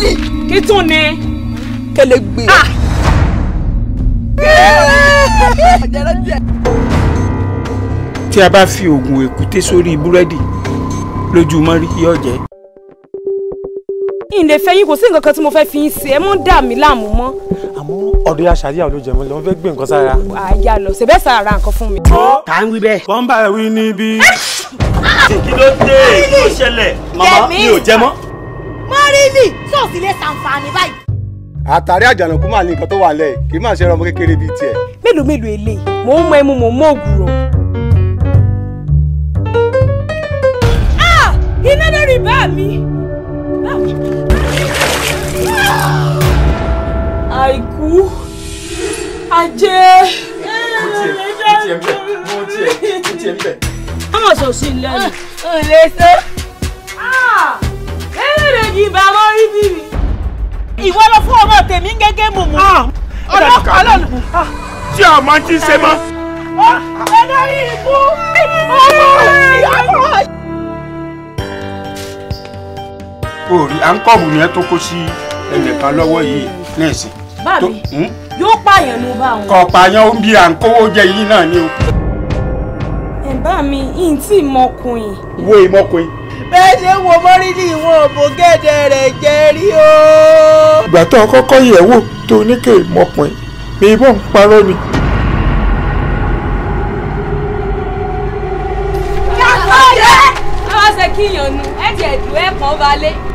Really? kí tún ni. Kẹlẹgbẹ. Ah! tí a bá fi oògùn èkúté sórí búrẹ́dì lójú mọ́rí yóò jẹ́. ìǹdè fẹ́yìn kò sí nǹkan kan tí mo fẹ́ fi ń ṣe ẹ mọ́ dà mí láàmú mọ́. àmọ́ ọ̀dọ̀ ya ṣàríyá ló jẹ mọ́ lọ́wọ́ fẹ́ gbé nǹkan sára. àyà lọ ṣe bẹ́ẹ̀ sára nǹkan fún mi. ó ta ń wí bẹ́ẹ̀. wọ́n ẹ̀ wí níbí. kí ló dé kí ló ṣẹlẹ̀ màmá mi ò jẹ mọ́ mọ́rìlì sọ́ọ̀sì lè ṣàǹfààní báyìí. àtàrí àjànàkú máa ní nǹkan tó wà lẹ̀ kì í máa ṣe ọmọ kékeré bíi tiẹ̀. mélòó mélòó eléyìí mò ń mọ ẹmu mò ń mọ ògùrọ̀. Ah! iná lórí bá mi. àìkú ajé. mo tiẹ̀ mo tiẹ̀ mo tiẹ̀ bẹ̀. ọmọ sọ̀sì lẹ́nu. Ah, ò lè sọ ìbá mọ́ rí bí ìwọ lọ fún ọmọ tèmi gẹ́gẹ́ mùmú. Ah, ọlọ́pàá ọlọ́pàá. tí a máa ti ṣe mọ́. olórí ah, ikú ọmọ ìyàwó. orí à ń kọ́ọ̀bù yẹn tó kó sí ẹnìkan lọ́wọ́ yìí nẹ́ẹ̀sì. báàbí hmm? yóò pààyàn ló bá wọn. kọ̀ọ̀pààyàn ó ń bi à ń kówó jẹ yìí náà ni o. ẹ̀ bá mi ì tí ì mọkùnrin. wo ìmọkùnrin bẹ́ẹ̀ ṣe ń wo mọ́rílì wọn òbò gẹ́dẹ̀ rẹ̀ jẹ́ rí o. ìgbà tó o kọ́kọ́ yẹ̀ wò tó ní kè mọ̀pìn ní ibọ̀ ń parọ́ ni. yàtọ̀ jẹ́ ẹ wá ṣe kíyànnú ẹ jẹ̀dù ẹ̀ kàn balẹ̀.